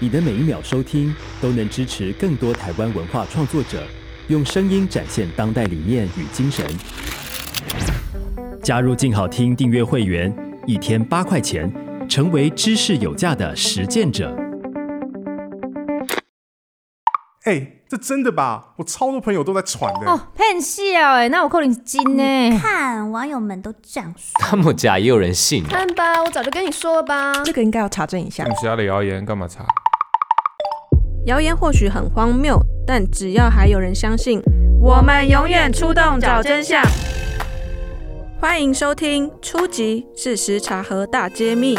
你的每一秒收聽都能支持更多台灣文化創作者，用聲音展現當代理念與精神。加入鏡好聽訂閱會員，一天八塊錢，成為知識有價的實踐者。哎、欸，這真的吧？我超多朋友都在傳的。哦，騙笑哎，那我扣你金呢？看網友們都這樣說。他們家也有人信。看吧，我早就跟你說了吧，這個應該要查證一下。跟其他的謠言幹嘛查？謠言或許很荒謬，但只要還有人相信，我們永遠出動找真相。歡迎收聽《出擊！事實查核大揭密》。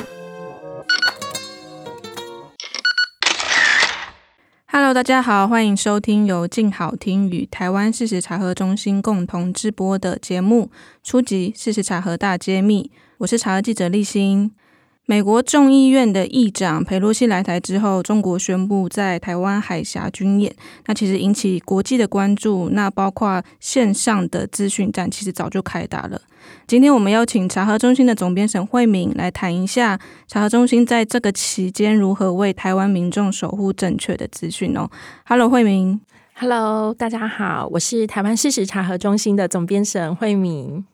Hello，大家好，歡迎收聽由鏡好聽與台灣事實查核中心共同制播的節目《出擊！事實查核大揭密》，我是查核記者立心。美國眾議院的議長裴洛西來台之後，中國宣布在台灣海峽軍演，那其實引起國際的關注，那包括線上的資訊戰其實早就開打了。今天我們邀請查核中心的總編陳慧敏來談一下查核中心在這個期間如何為台灣民眾守護正確的資訊哦。Hello，慧敏，Hello，大家好，我是台灣事實查核中心的總編陳慧敏。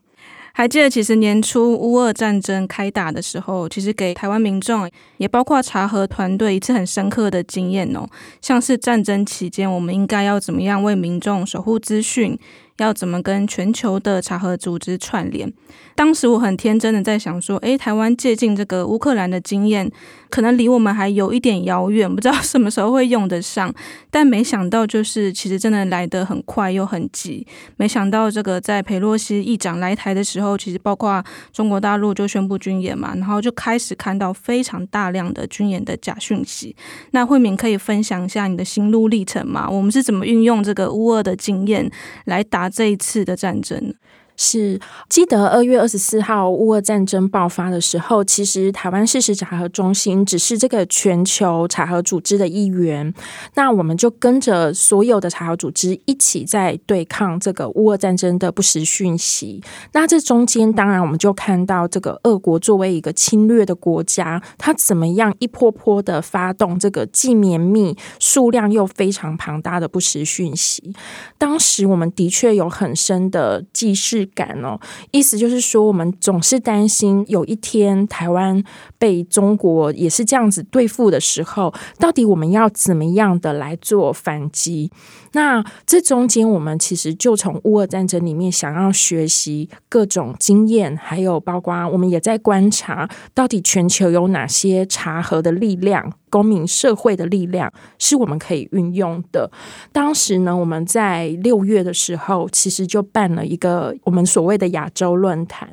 還記得其實年初烏俄戰爭開打的時候，其實給台灣民眾，也包括查核團隊一次很深刻的經驗哦。像是戰爭期間，我們應該要怎麼樣為民眾守護資訊？要怎麼跟全球的查核組織串聯？當時我很天真的在想說，哎，台灣借鏡這個烏克蘭的經驗，可能離我們還有一點遙遠，不知道什麼時候會用得上。但沒想到，就是其實真的來得很快又很急。沒想到這個在佩洛西議長來台的時候，其實包括中國大陸就宣布軍演嘛，然後就開始看到非常大量的軍演的假訊息。那慧敏可以分享一下你的心路歷程嗎？我們是怎麼運用這個烏俄的經驗來打？這一次的戰爭。是記得二月二十四號烏俄戰爭爆發的時候，其實台灣事實查核中心只是這個全球查核組織的一員，那我們就跟着所有的查核組織一起在對抗這個烏俄戰爭的不實訊息。那這中間，當然我們就看到這個俄國作為一個侵略的國家，它怎麼樣一波波的發動這個既綿密、數量又非常龐大的不實訊息。當時我們的確有很深的記事。感哦，意思就是說，我們總是擔心有一天台灣，被中國也是這樣子對付的時候，到底我們要怎麼樣的來做反擊？那這中間，我們其實就從烏俄戰爭裡面想要學習各種經驗，還有包括我們也在觀察，到底全球有哪些查核的力量、公民社會的力量，是我們可以運用的。當時呢，我們在六月的時候，其實就辦了一個我們所謂的亞洲論壇。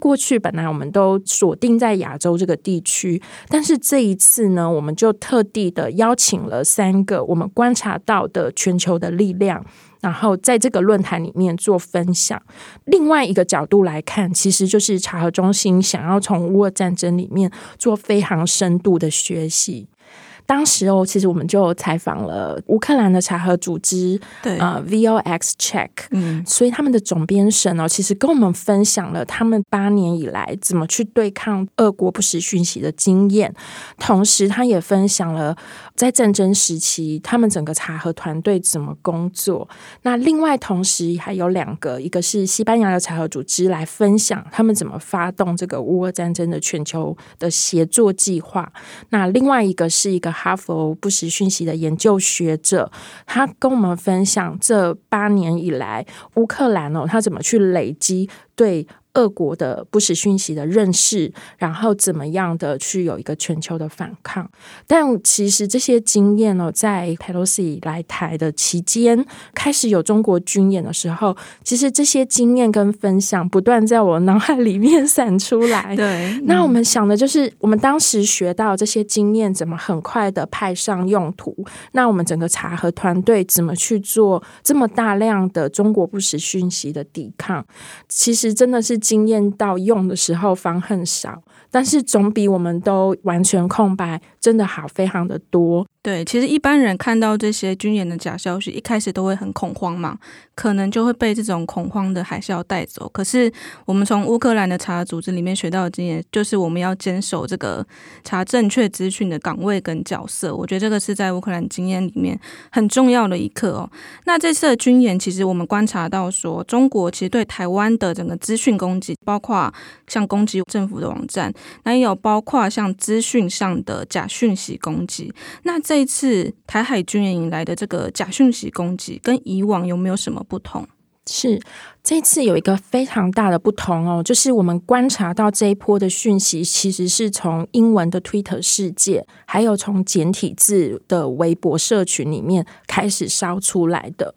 過去本來我們都鎖定在亞洲這個地。地區，但是這一次呢，我們就特地的邀請了三個我們觀察到的全球的力量，然後在這個論壇裡面做分享。另外一個角度來看，其實就是查核中心想要從烏俄戰爭裡面做非常深度的學習。當時哦，其實我們就採訪了烏克蘭的查核組織，對，啊，呃，Vox Check，嗯，所以他們的總編審哦，其實跟我們分享了他們八年以來怎麼去對抗俄國不實訊息的經驗，同時他也分享了。在戰爭時期，他們整個查核團隊怎麼工作？那另外同時還有兩個，一個是西班牙的查核組織來分享他們怎麼發動這個烏俄戰爭的全球的協作計劃。那另外一個是一個哈佛不實訊息的研究學者，他跟我們分享這八年以來烏克蘭哦，他怎麼去累積對。各國的不實訊息的認識，然後怎麼樣的去有一個全球的反抗？但其實這些經驗呢、哦，在 Pelosi 來台的期間，開始有中國軍演的時候，其實這些經驗跟分享不斷在我腦海裡面閃出來。對，那我們想的就是，嗯、我們當時學到這些經驗，怎麼很快的派上用途？那我們整個查核團隊怎麼去做這麼大量的中國不實訊息的抵抗？其實真的是。經驗到用的時候方恨少，但是總比我們都完全空白。真的好，非常的多。對，其實一般人看到這些軍演的假消息，一開始都會很恐慌嘛，可能就會被這種恐慌的海嘯帶走。可是我們從烏克蘭的查組織裡面學到的經驗，就是我們要堅守這個查正確資訊的崗位跟角色。我覺得這個是在烏克蘭經驗裡面很重要的一課哦。那這次的軍演，其實我們觀察到說，中國其實對台灣的整個資訊攻擊，包括像攻擊政府的網站，那也有包括像資訊上的假。訊息攻擊，那這一次台海軍演引來的這個假訊息攻擊，跟以往有沒有什麼不同？是，這次有一個非常大的不同哦，就是我們觀察到這一波的訊息，其實是從英文的 Twitter 世界，還有從簡體字的微博社群裡面開始燒出來的。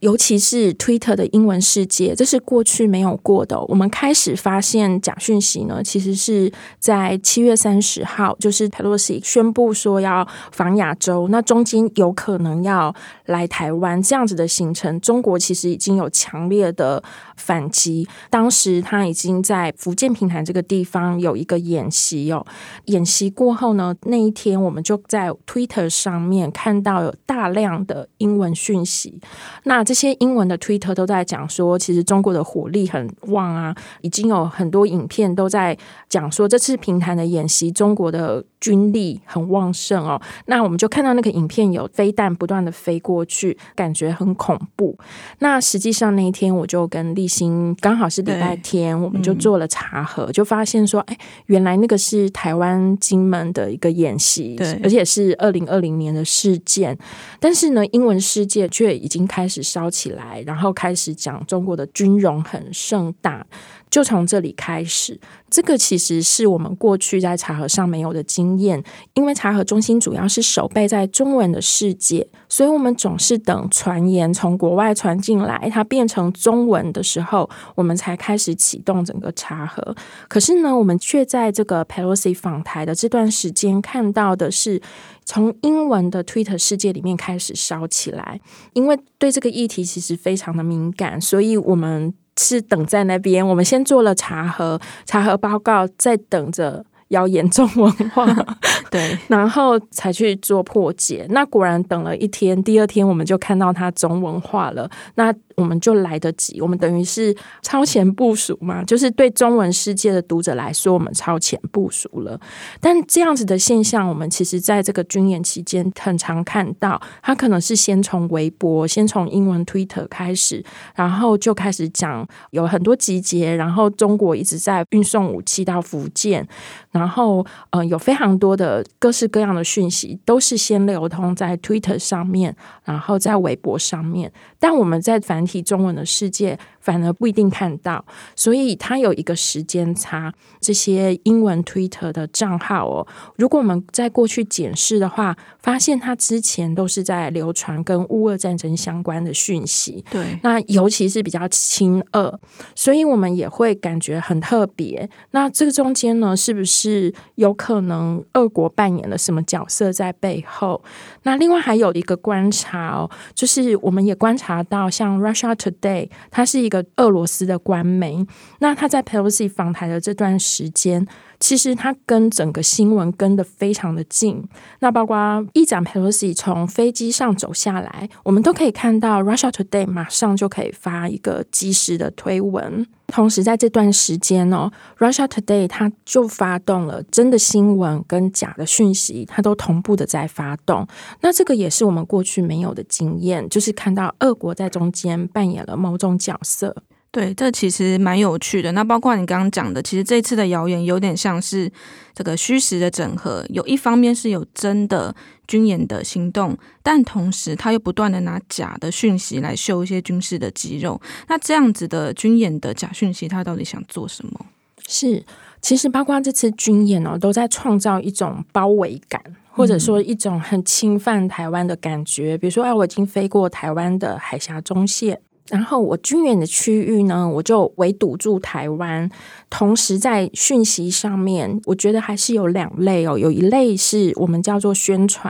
尤其是 Twitter 的英文世界，這是過去沒有過的。哦，我們開始發現假訊息呢，其實是在七月三十號，就是泰 e l s 宣布說要訪亞洲，那中間有可能要來台灣這樣子的行程，中國其實已經有強烈的反擊。當時他已經在福建平潭這個地方有一個演習哦，演習過後呢，那一天我們就在 Twitter 上面看到有大量的英文訊息，那。這些英文的推特都在講說，其實中國的火力很旺啊，已經有很多影片都在講說，這次平潭的演習，中國的。軍力很旺盛哦，那我們就看到那個影片有飛彈不斷地飛過去，感覺很恐怖。那實際上那一天我就跟立新剛好是禮拜天，我們就做了查核，嗯、就發現說，哎、欸，原來那個是台灣金門的一個演習，而且是二零二零年的事件。但是呢，英文世界卻已經開始燒起來，然後開始講中國的軍容很盛大。就從這裡開始，這個其實是我們過去在查核上沒有的經驗，因為查核中心主要是守備在中文的世界，所以我們總是等傳言從國外傳進來，它變成中文的時候，我們才開始啟動整個查核。可是呢，我們卻在這個 Pelosi 訪台的這段時間看到的是從英文的 Twitter 世界裡面開始燒起來，因為對這個議題其實非常的敏感，所以我們。是等在那邊，我們先做了查核，查核報告再等着謠言中文化， 對，然後才去做破解。那果然等了一天，第二天我們就看到它中文化了。那。我們就來得及，我們等於是超前部署嘛，就是對中文世界的讀者來說，我們超前部署了。但這樣子的現象，我們其實在這個軍演期間很常看到，他可能是先從微博、先從英文 Twitter 開始，然後就開始講有很多集結，然後中國一直在運送武器到福建，然後嗯、呃，有非常多的各式各樣的訊息都是先流通在 Twitter 上面，然後在微博上面，但我們在反體中文的世界，反而不一定看到，所以它有一個時間差。這些英文 Twitter 的賬號哦，如果我們在過去檢視的話，發現它之前都是在流傳跟烏俄戰爭相關的訊息。對，那尤其是比較親俄，所以我們也會感覺很特別。那這個中間呢，是不是有可能俄國扮演了什麼角色在背後？那另外還有一個觀察哦，就是我們也觀察到，像 Russia Today，它是一個。俄羅斯的官媒，那他在 Pelosi 訪臺的這段時間，其實他跟整個新聞跟得非常的近。那包括議長 Pelosi 從飛機上走下來，我們都可以看到 Russia Today 馬上就可以發一個即時的推文。同時，在這段時間哦，Russia Today，它就發動了真的新聞跟假的訊息，它都同步的在發動。那這個也是我們過去沒有的經驗，就是看到俄國在中間扮演了某種角色。對，這其實蠻有趣的。那包括你剛剛講的，其實這次的謠言有點像是這個虛實的整合，有一方面是有真的軍演的行動，但同時他又不斷的拿假的訊息來秀一些軍事的肌肉。那這樣子的軍演的假訊息，他到底想做什麼？是，其實包括這次軍演哦，都在創造一種包圍感，或者說一種很侵犯台灣的感覺。嗯。比如說，哎，我已經飛過台灣的海峽中線。然後我軍演的區域呢，我就圍堵住台灣。同時在訊息上面，我覺得還是有兩類哦。有一類是我們叫做宣傳，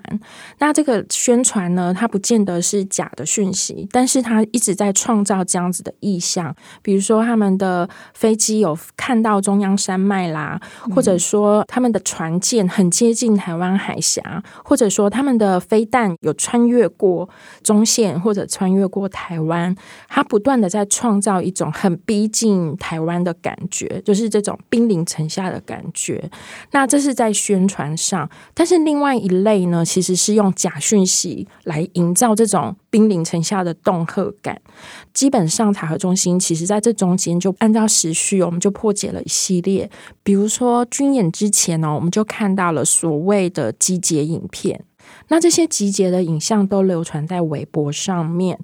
那這個宣傳呢，它不見得是假的訊息，但是它一直在創造這樣子的意象。比如說他們的飛機有看到中央山脈啦，嗯、或者說他們的船艦很接近台灣海峽，或者說他們的飛彈有穿越過中線，或者穿越過台灣。他不斷的在創造一種很逼近台灣的感覺，就是這種兵臨城下的感覺。那這是在宣傳上，但是另外一類呢，其實是用假訊息來營造這種兵臨城下的恫嚇感。基本上，查核中心其實在這中間就按照時序，我們就破解了一系列，比如說軍演之前呢、哦，我們就看到了所謂的集結影片。那這些集結的影像都流傳在微博上面。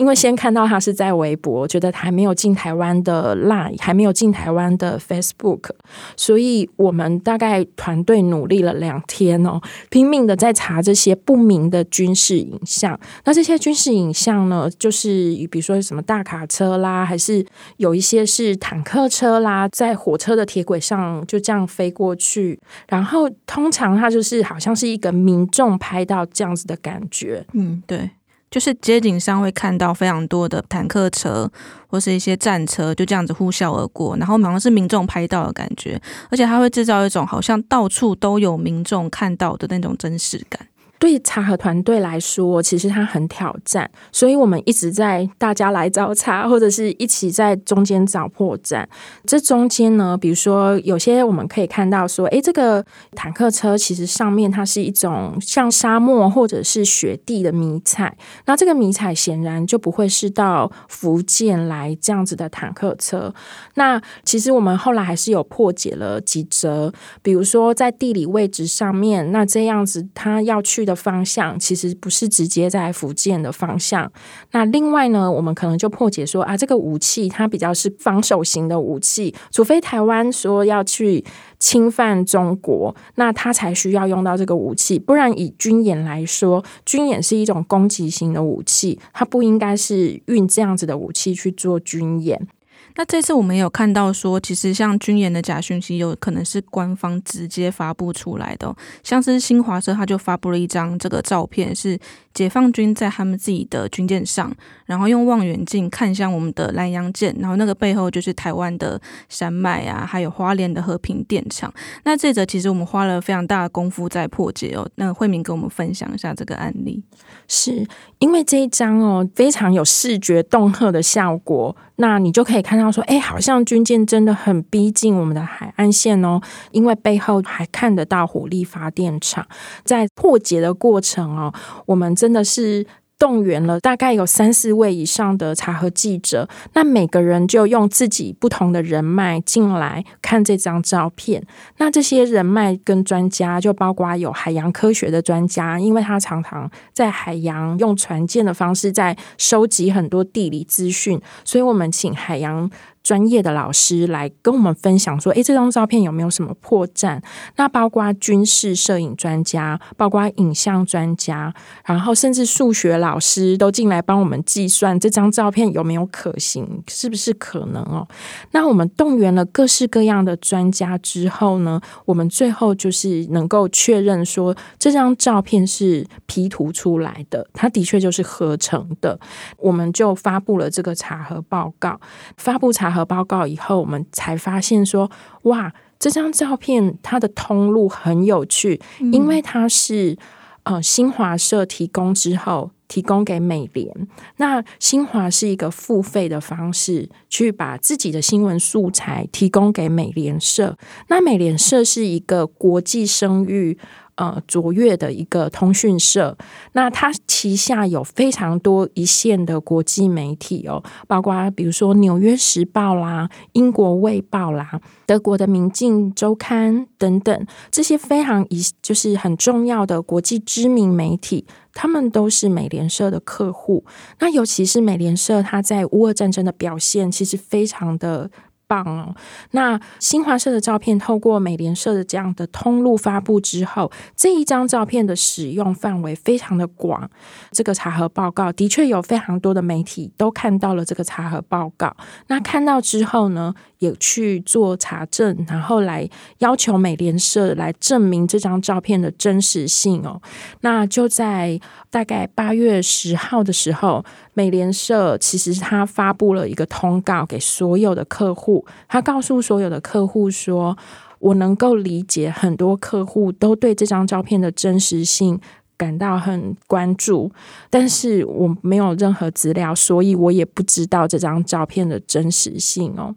因為先看到他是在微博，我覺得他還沒有進台灣的 Line，還沒有進台灣的 Facebook，所以我們大概團隊努力了兩天哦，拼命的在查這些不明的軍事影像。那這些軍事影像呢，就是比如說什麼大卡車啦，還是有一些是坦克車啦，在火車的鐵軌上就這樣飛過去。然後通常它就是好像是一個民眾拍到這樣子的感覺。嗯，對。就是街景上會看到非常多的坦克車或是一些戰車，就這樣子呼嘯而過，然後好像是民眾拍到的感覺，而且它會製造一種好像到處都有民眾看到的那種真實感。對查核團隊來說，其實它很挑戰，所以我們一直在大家來找碴，或者是一起在中間找破綻。這中間呢，比如說有些我們可以看到說，誒，這個坦克車其實上面它是一種像沙漠或者是雪地的迷彩，那這個迷彩顯然就不會是到福建來這樣子的坦克車。那其實我們後來還是有破解了幾則，比如說在地理位置上面，那這樣子他要去的。的方向其實不是直接在福建的方向。那另外呢，我們可能就破解說啊，這個武器它比較是防守型的武器，除非台灣說要去侵犯中國，那它才需要用到這個武器。不然以軍演來說，軍演是一種攻擊型的武器，它不應該是運這樣子的武器去做軍演。那這次我們有看到說，其實像軍演的假訊息有可能是官方直接發布出來的，哦，像是新華社他就發布了一張這個照片，是解放軍在他們自己的軍艦上，然後用望遠鏡看向我們的蘭陽艦，然後那個背後就是台灣的山脈啊，還有花蓮的和平電廠。那這則其實我們花了非常大的功夫在破解哦。那慧敏給我們分享一下這個案例，是因為這一張哦，非常有視覺恫嚇的效果。那你就可以看到說，哎、欸，好像軍艦真的很逼近我們的海岸線哦，因為背後還看得到火力發電廠。在破解的過程哦，我們真的是。動員了大概有三四位以上的查核記者，那每個人就用自己不同的人脈進來看這張照片。那這些人脈跟專家，就包括有海洋科學的專家，因為他常常在海洋用船艦的方式在收集很多地理資訊，所以我們請海洋專業的老師來跟我們分享說：“誒，這張照片有沒有什麼破綻？”那包括軍事攝影專家，包括影像專家，然後甚至數學老師都進來幫我們計算這張照片有沒有可行，是不是可能哦？那我們動員了各式各樣的專家之後呢，我們最後就是能夠確認說這張照片是 P 圖出來的，它的確就是合成的。我們就發布了這個查核報告，發布查。核報告以後，我們才發現說，哇，這張照片它的通路很有趣，因為它是呃新華社提供之後提供給美聯，那新華是一個付費的方式去把自己的新聞素材提供給美聯社，那美聯社是一個國際聲譽，呃、嗯，卓越的一個通訊社，那他旗下有非常多一線的國際媒體哦，包括比如說《紐約時報》啦、《英國衛報》啦、德國的《明鏡週刊》等等，這些非常一就是很重要的國際知名媒體，他們都是美聯社的客戶。那尤其是美聯社，它在烏俄戰爭的表現其實非常的。棒哦，那新華社的照片透過美聯社的這樣的通路發佈之後，這一張照片的使用範圍非常的廣。這個查核報告的確有非常多的媒體都看到了這個查核報告，那看到之後呢，也去做查證，然後來要求美聯社來證明這張照片的真實性哦。那就在大概八月十號的時候，美聯社其實他發布了一個通告給所有的客戶，他告訴所有的客戶說：“我能夠理解很多客戶都對這張照片的真實性感到很關注，但是我沒有任何資料，所以我也不知道這張照片的真實性哦。”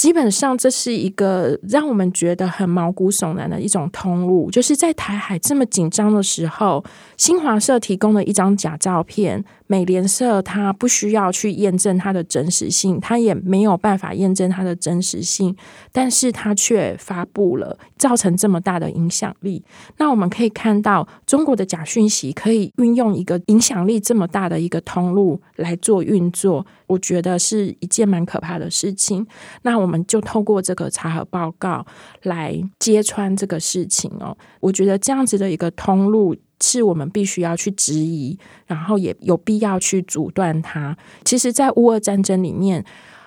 基本上這是一個讓我們覺得很毛骨悚然的一種通路，就是在台海這麼緊張的時候，新華社提供了一張假照片，美聯社它不需要去驗證它的真實性，它也沒有辦法驗證它的真實性，但是它卻發布了，造成這麼大的影響力。那我們可以看到，中國的假訊息可以運用一個影響力這麼大的一個通路來做運作，我覺得是一件蠻可怕的事情。那我。我們就透過這個查核報告來揭穿這個事情哦。我覺得這樣子的一個通路是我們必須要去質疑，然後也有必要去阻斷它。其實，在烏俄戰爭裡面，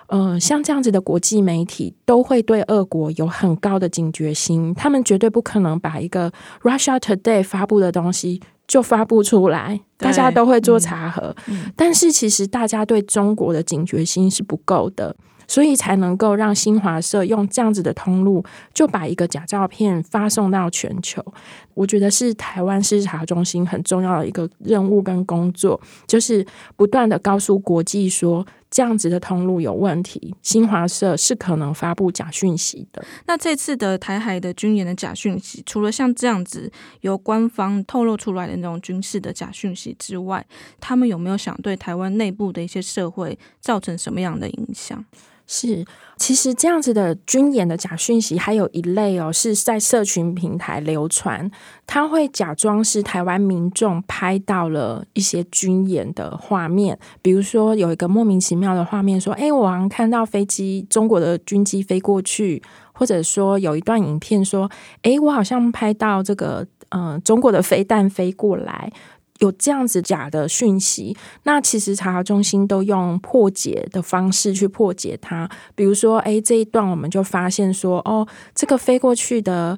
呃，像這樣子的國際媒體都會對俄國有很高的警覺心，他們絕對不可能把一個 Russia Today 發布的東西就發布出來，大家都會做查核。嗯嗯、但是，其實大家對中國的警覺心是不夠的。所以才能夠讓新華社用這樣子的通路，就把一個假照片發送到全球。我覺得是台灣查核中心很重要的一個任務跟工作，就是不斷的告訴國際說，這樣子的通路有問題，新華社是可能發布假訊息的。那這次的台海的軍演的假訊息，除了像這樣子由官方透露出來的那種軍事的假訊息之外，他們有沒有想對台灣內部的一些社會造成什麼樣的影響？是，其實這樣子的軍演的假訊息，還有一類哦，是在社群平台流傳，它會假裝是台灣民眾拍到了一些軍演的畫面，比如說有一個莫名其妙的畫面，說，哎，我好像看到飛機，中國的軍機飛過去，或者說有一段影片，說，哎，我好像拍到這個，嗯、呃，中國的飛彈飛過來。有這樣子假的訊息，那其實查核中心都用破解的方式去破解它。比如說，誒、欸，這一段我們就發現說，哦，這個飛過去的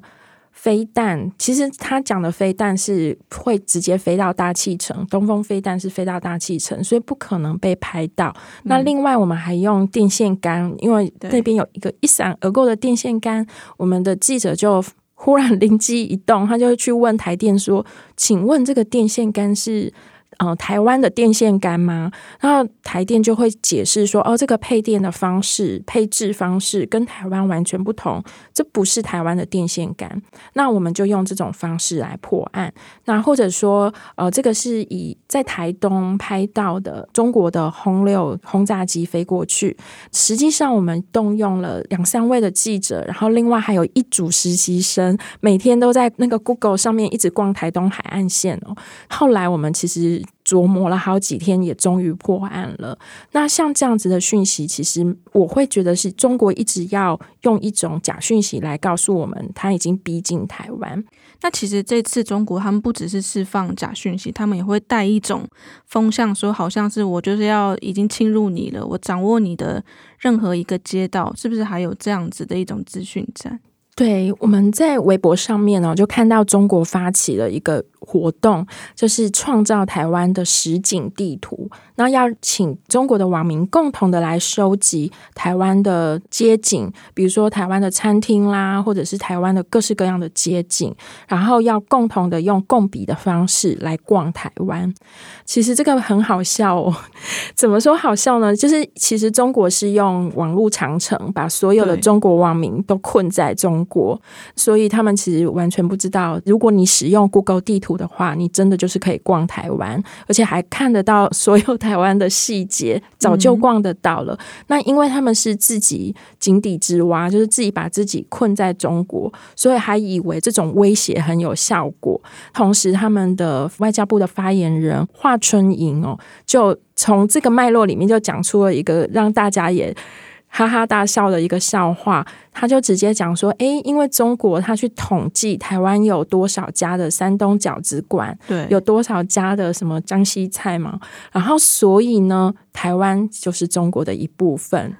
飛彈、嗯，其實他講的飛彈是會直接飛到大氣層，東風飛彈是飛到大氣層，所以不可能被拍到。嗯、那另外，我們還用電線桿，因為那邊有一個一閃而過的電線桿，我們的記者就。忽然靈機一動，他就會去問台電說：“請問這個電線桿是？”呃，台灣的電線桿嗎？然後台電就會解釋說，哦，這個配電的方式、配置方式跟台灣完全不同，這不是台灣的電線桿。那我們就用這種方式來破案。那或者說，呃，這個是以在台東拍到的中國的轟六轟炸機飛過去。實際上，我們動用了兩三位的記者，然後另外還有一組實習生，每天都在那個 Google 上面一直逛台東海岸線哦。後來我們其實。琢磨了好幾天，也終於破案了。那像這樣子的訊息，其實我會覺得是中國一直要用一種假訊息來告訴我們，他已經逼近台灣。那其實這次中國他們不只是釋放假訊息，他們也會帶一種風向，說好像是我就是要已經侵入你了，我掌握你的任何一個街道，是不是還有這樣子的一種資訊戰？對，我們在微博上面呢、哦，就看到中國發起了一個。活動就是創造台灣的實景地圖，那要請中國的網民共同的來收集台灣的街景，比如說台灣的餐廳啦，或者是台灣的各式各樣的街景，然後要共同的用共筆的方式來逛台灣。其實這個很好笑哦，怎麼說好笑呢？就是其實中國是用網絡長城把所有的中國網民都困在中國，所以他們其實完全不知道，如果你使用 Google 地圖。的話，你真的就是可以逛台灣，而且還看得到所有台灣的細節，早就逛得到了。嗯。那因為他們是自己井底之蛙，就是自己把自己困在中國，所以還以為這種威脅很有效果。同時，他們的外交部的發言人華春瑩哦，就從這個脈絡裡面就講出了一個讓大家也。哈 哈大笑的一個笑話，他就直接講說：“誒、欸，因為中國，他去統計台灣有多少家的山東餃子館，對，有多少家的什麼江西菜嘛，然後所以呢，台灣就是中國的一部分。”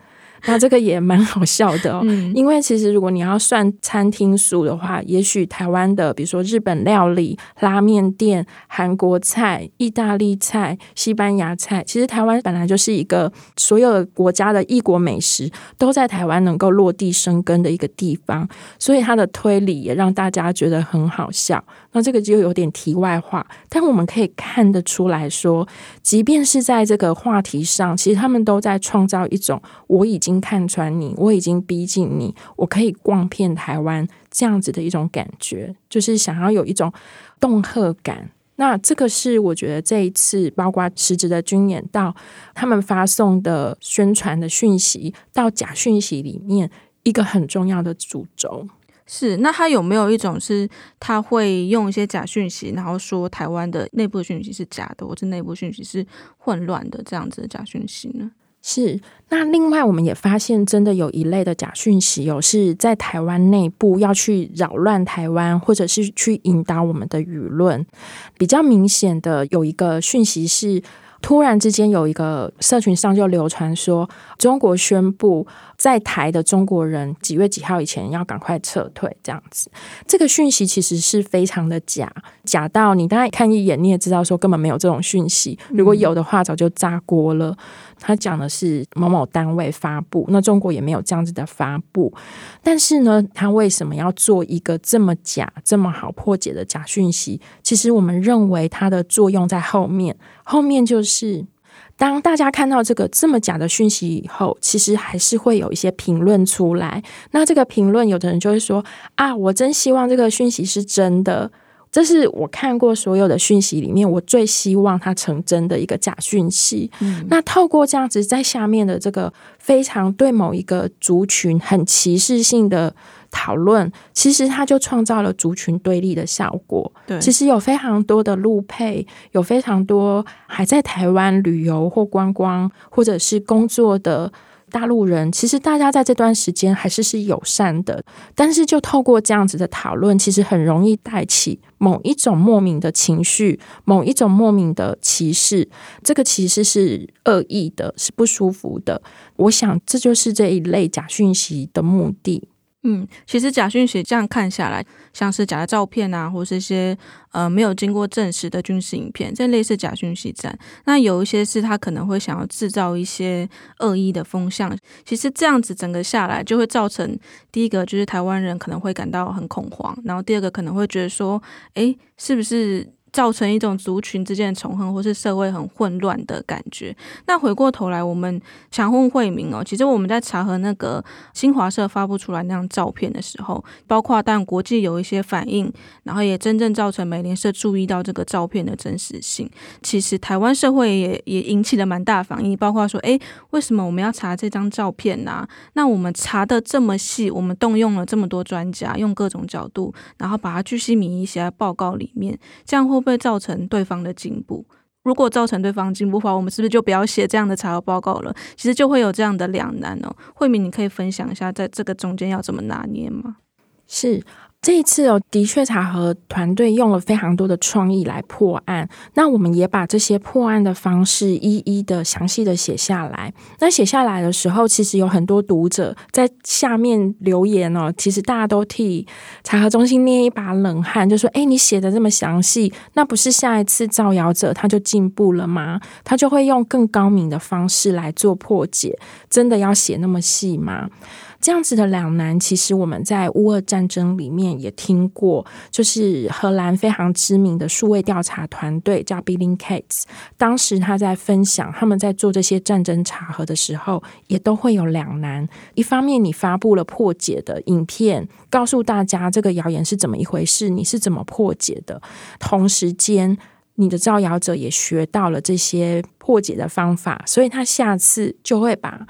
那這個也蠻好笑的哦，嗯，因為其實如果你要算餐廳數的話，也許台灣的，比如說日本料理、拉麵店、韓國菜、意大利菜、西班牙菜，其實台灣本來就是一個所有國家的異國美食都在台灣能夠落地生根的一個地方，所以它的推理也讓大家覺得很好笑。那這個就有點題外話，但我們可以看得出來說，即便是在這個話題上，其實他們都在創造一種我已經看穿你，我已經逼近你，我可以逛遍台灣這樣子的一種感覺，就是想要有一種恫嚇感。那這個是我覺得這一次包括實質的軍演到他們發送的宣傳的訊息到假訊息裡面一個很重要的主軸。是，那他有沒有一種是他會用一些假訊息，然後說台灣的內部訊息是假的，或者內部訊息是混亂的這樣子的假訊息呢？是，那另外我們也發現，真的有一類的假訊息，哦，有是在台灣內部要去擾亂台灣，或者是去引導我們的輿論。比較明顯的有一個訊息是，突然之間有一個社群上就流傳說中國宣布。在台的中國人幾月幾號以前要趕快撤退？這樣子，這個訊息其實是非常的假，假到你大概看一眼，你也知道說根本沒有這種訊息。如果有的話，早就炸鍋了。嗯。他講的是某某單位發布，那中國也沒有這樣子的發布。但是呢，他為什麼要做一個這麼假、這麼好破解的假訊息？其實我們認為它的作用在後面，後面就是。當大家看到這個這麼假的訊息以後，其實還是會有一些評論出來。那這個評論，有的人就會說：“啊，我真希望這個訊息是真的。”這是我看過所有的訊息裡面，我最希望它成真的一個假訊息。嗯、那透過這樣子，在下面的這個非常對某一個族群很歧視性的討論，其實它就創造了族群對立的效果。對，其實有非常多的陸配，有非常多還在台灣旅遊或觀光，或者是工作的大陸人，其實大家在這段時間還是是友善的，但是就透過這樣子的討論，其實很容易帶起。某一種莫名的情緒，某一種莫名的歧視，這個歧視是惡意的，是不舒服的。我想，這就是這一類假訊息的目的。嗯，其實假訊息這樣看下來，像是假的照片啊，或是一些呃沒有經過證實的軍事影片，這類似假訊息戰。那有一些是他可能會想要製造一些惡意的風向。其實這樣子整個下來，就會造成第一個就是台灣人可能會感到很恐慌，然後第二個可能會覺得說，哎，是不是？造成一種族群之間的仇恨，或是社會很混亂的感覺。那回過頭來，我們想問慧敏哦，其實我們在查核那個新華社發布出來那張照片的時候，包括但國際有一些反應，然後也真正造成美聯社注意到這個照片的真實性。其實台灣社會也也引起了蠻大的反應，包括說，哎，為什麼我們要查這張照片呢、啊？那我們查的這麼細，我們動用了這麼多專家，用各種角度，然後把它鉅細靡遺寫在報告裡面，這樣會會造成對方的進步，如果造成對方進步的話，我們是不是就不要寫這樣的財務報告了？其實就會有這樣的兩難哦。慧敏，你可以分享一下，在這個中間要怎麼拿捏嗎？是。這一次哦，的確，查核團隊用了非常多的創意來破案。那我們也把這些破案的方式一一的詳細的寫下來。那寫下來的時候，其實有很多讀者在下面留言哦。其實大家都替查核中心捏一把冷汗，就說：“誒，你寫的這麼詳細，那不是下一次造謠者他就進步了嗎？他就會用更高明的方式來做破解，真的要寫那麼細嗎？”這樣子的兩難，其實我們在烏俄戰爭裡面也聽過，就是荷蘭非常知名的數位調查團隊叫 Bellingcat，當時他在分享他們在做這些戰爭查核的時候，也都會有兩難。一方面，你發布了破解的影片，告訴大家這個謠言是怎麼一回事，你是怎麼破解的；同時間，你的造謠者也學到了這些破解的方法，所以他下次就會把。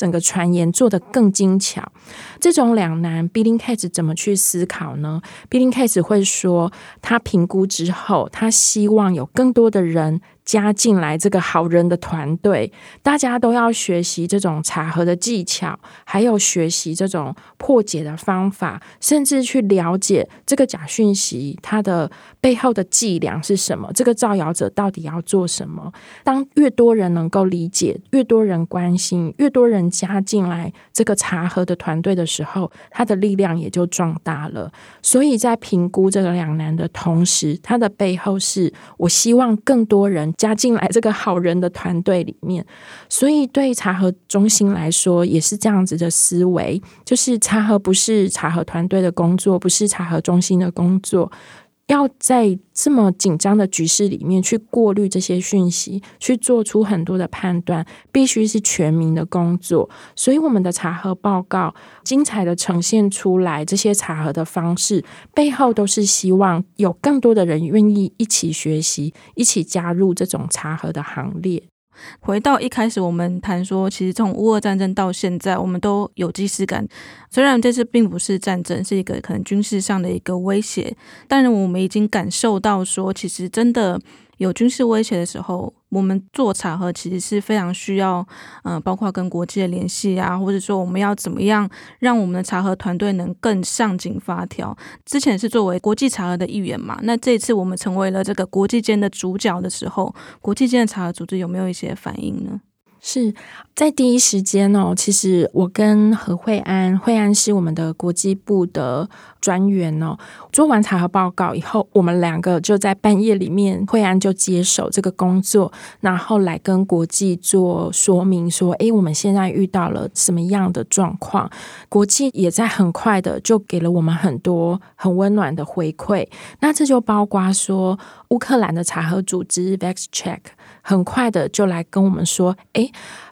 整個傳言做得更精巧，這種兩難。Bellingcat 怎麼去思考呢？Bellingcat 會說，他評估之後，他希望有更多的人。加進來這個好人的團隊，大家都要學習這種查核的技巧，還有學習這種破解的方法，甚至去了解這個假訊息它的背後的伎倆是什麼，這個造謠者到底要做什麼。當越多人能夠理解，越多人關心，越多人加進來這個查核的團隊的時候，他的力量也就壯大了。所以在評估這個兩難的同時，它的背後是我希望更多人。加進來這個好人的團隊裡面，所以對查核中心來說也是這樣子的思維，就是查核不是查核團隊的工作，不是查核中心的工作。要在這麼緊張的局勢裡面去過濾這些訊息，去做出很多的判斷，必須是全民的工作。所以，我們的查核報告精彩的呈現出來，這些查核的方式背後，都是希望有更多的人願意一起學習，一起加入這種查核的行列。回到一開始，我們談說，其實從烏俄戰爭到現在，我們都有即視感。雖然這次並不是戰爭，是一個可能軍事上的一個威脅，但是我們已經感受到說，其實真的。有軍事威脅的時候，我們做查核其實是非常需要，呃，包括跟國際的聯繫啊，或者說我們要怎麼樣讓我們的查核團隊能更上緊發條。之前是作為國際查核的一員嘛，那這次我們成為了這個國際間的主角的時候，國際間的查核組織有沒有一些反應呢？是，在第一時間哦，其實我跟何惠安，惠安是我們的國際部的專員哦。做完查核報告以後，我們兩個就在半夜裡面，惠安就接手這個工作，然後來跟國際做說明，說：“哎，我們現在遇到了什麼樣的狀況？”國際也在很快的就給了我們很多很溫暖的回饋，那這就包括說烏克蘭的查核組織 VexCheck。很快的就來跟我們說，哎。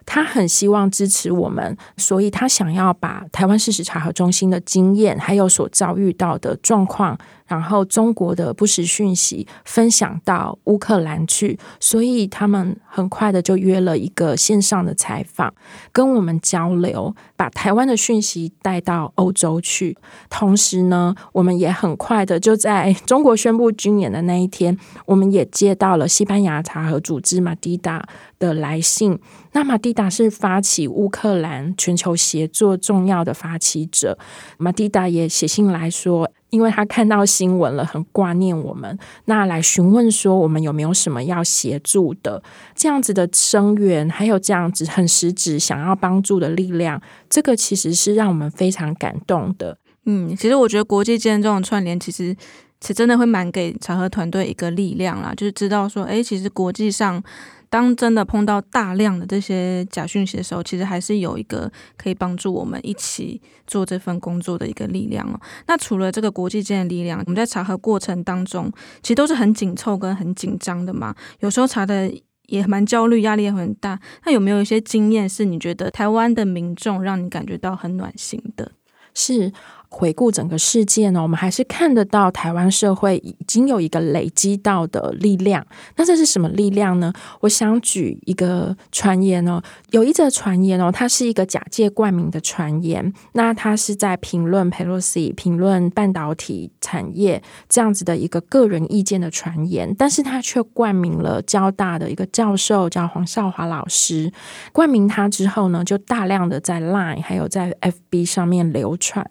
他很希望支持我們，所以他想要把台灣事實查核中心的經驗，還有所遭遇到的狀況，然後中國的不實訊息分享到烏克蘭去。所以他們很快的就約了一個線上的採訪，跟我們交流，把台灣的訊息帶到歐洲去。同時呢，我們也很快的就在中國宣布軍演的那一天，我們也接到了西班牙查核組織馬蒂達。的來信，那馬蒂達是發起烏克蘭全球協作重要的發起者。馬蒂達也寫信來說，因為他看到新聞了，很掛念我們，那來詢問說我們有沒有什麼要協助的。這樣子的聲援，還有這樣子很實質想要幫助的力量，這個其實是讓我們非常感動的。嗯，其實我覺得國際間這種串聯，其實其實真的會蠻給查核團隊一個力量啦，就是知道說，哎、欸，其實國際上。當真的碰到大量的這些假訊息的時候，其實還是有一個可以幫助我們一起做這份工作的一個力量哦。那除了這個國際間的力量，我們在查核過程當中，其實都是很緊湊跟很緊張的嘛。有時候查的也蠻焦慮，壓力也很大。那有沒有一些經驗是你覺得台灣的民眾讓你感覺到很暖心的？是。回顧整個事件呢，我們還是看得到台灣社會已經有一個累積到的力量。那這是什麼力量呢？我想舉一個傳言哦，有一則傳言哦，它是一個假借冠名的傳言。那他是在評論佩洛西、評論半導體產業這樣子的一個個人意見的傳言，但是他卻冠名了交大的一個教授叫黃少華老師。冠名他之後呢，就大量的在 Line 還有在 FB 上面流傳。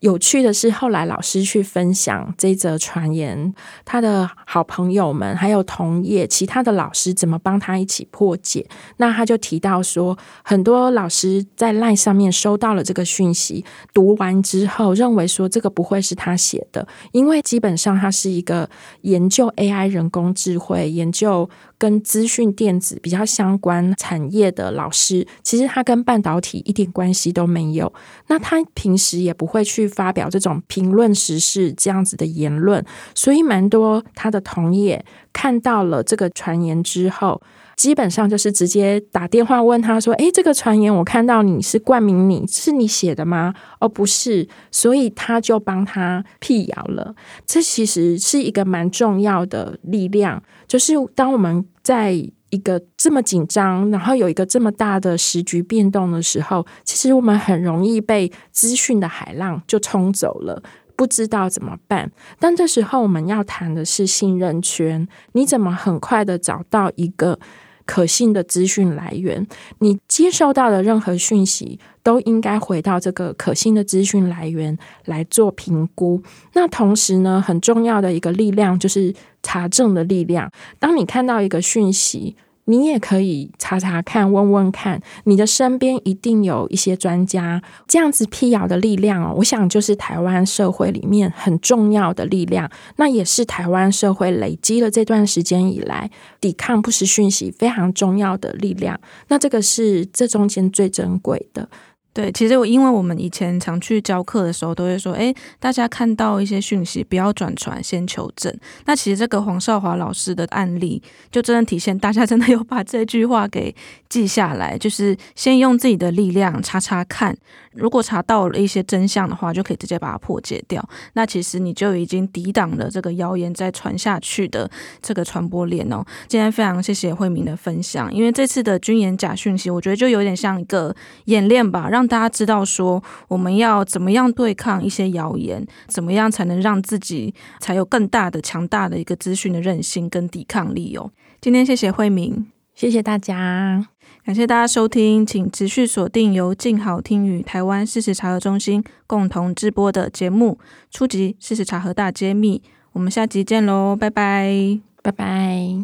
有趣的是，後來老師去分享這則傳言，他的好朋友們還有同業其他的老師怎麼幫他一起破解。那他就提到說，很多老師在 Line 上面收到了這個訊息，讀完之後認為說這個不會是他寫的，因為基本上他是一個研究 AI 人工智慧研究跟資訊電子比較相關產業的老師，其實他跟半導體一點關係都沒有。那他平時也不會去。發表這種評論時事這樣子的言論，所以蠻多他的同業看到了這個傳言之後，基本上就是直接打電話問他說：“誒，這個傳言我看到你是冠名你，你是你寫的嗎？”哦，不是，所以他就幫他闢謠了。這其實是一個蠻重要的力量，就是當我們在。一個這麼緊張，然後有一個這麼大的時局變動的時候，其實我們很容易被資訊的海浪就沖走了，不知道怎麼辦。但這時候我們要談的是信任圈，你怎麼很快的找到一個可信的資訊來源？你接受到的任何訊息。都應該回到這個可信的資訊來源來做評估。那同時呢，很重要的一個力量就是查證的力量。當你看到一個訊息，你也可以查查看、問問看。你的身邊一定有一些專家，這樣子闢謠的力量哦。我想就是台灣社會裡面很重要的力量。那也是台灣社會累積了這段時間以來抵抗不實訊息非常重要的力量。那這個是這中間最珍貴的。對，其實我因為我們以前常去教課的時候，都會說，哎，大家看到一些訊息，不要轉傳，先求證。那其實這個黃少華老師的案例，就真的體現大家真的有把這句話給記下來，就是先用自己的力量查查看，如果查到了一些真相的話，就可以直接把它破解掉。那其實你就已經抵擋了這個謠言再傳下去的這個傳播鏈哦。今天非常謝謝慧敏的分享，因為這次的軍演假訊息，我覺得就有點像一個演練吧，讓。讓大家知道說，我們要怎麼樣對抗一些謠言，怎麼樣才能讓自己才有更大的、強大的一個資訊的韌性跟抵抗力哦。今天謝謝慧敏，謝謝大家，感謝大家收聽，請持續鎖定由靜好聽與台灣事實查核中心共同製播的節目《出擊！事實查核大揭密》，我們下集見嘍，拜拜，拜拜。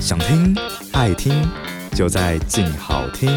想聽，愛聽。就在靜好聽。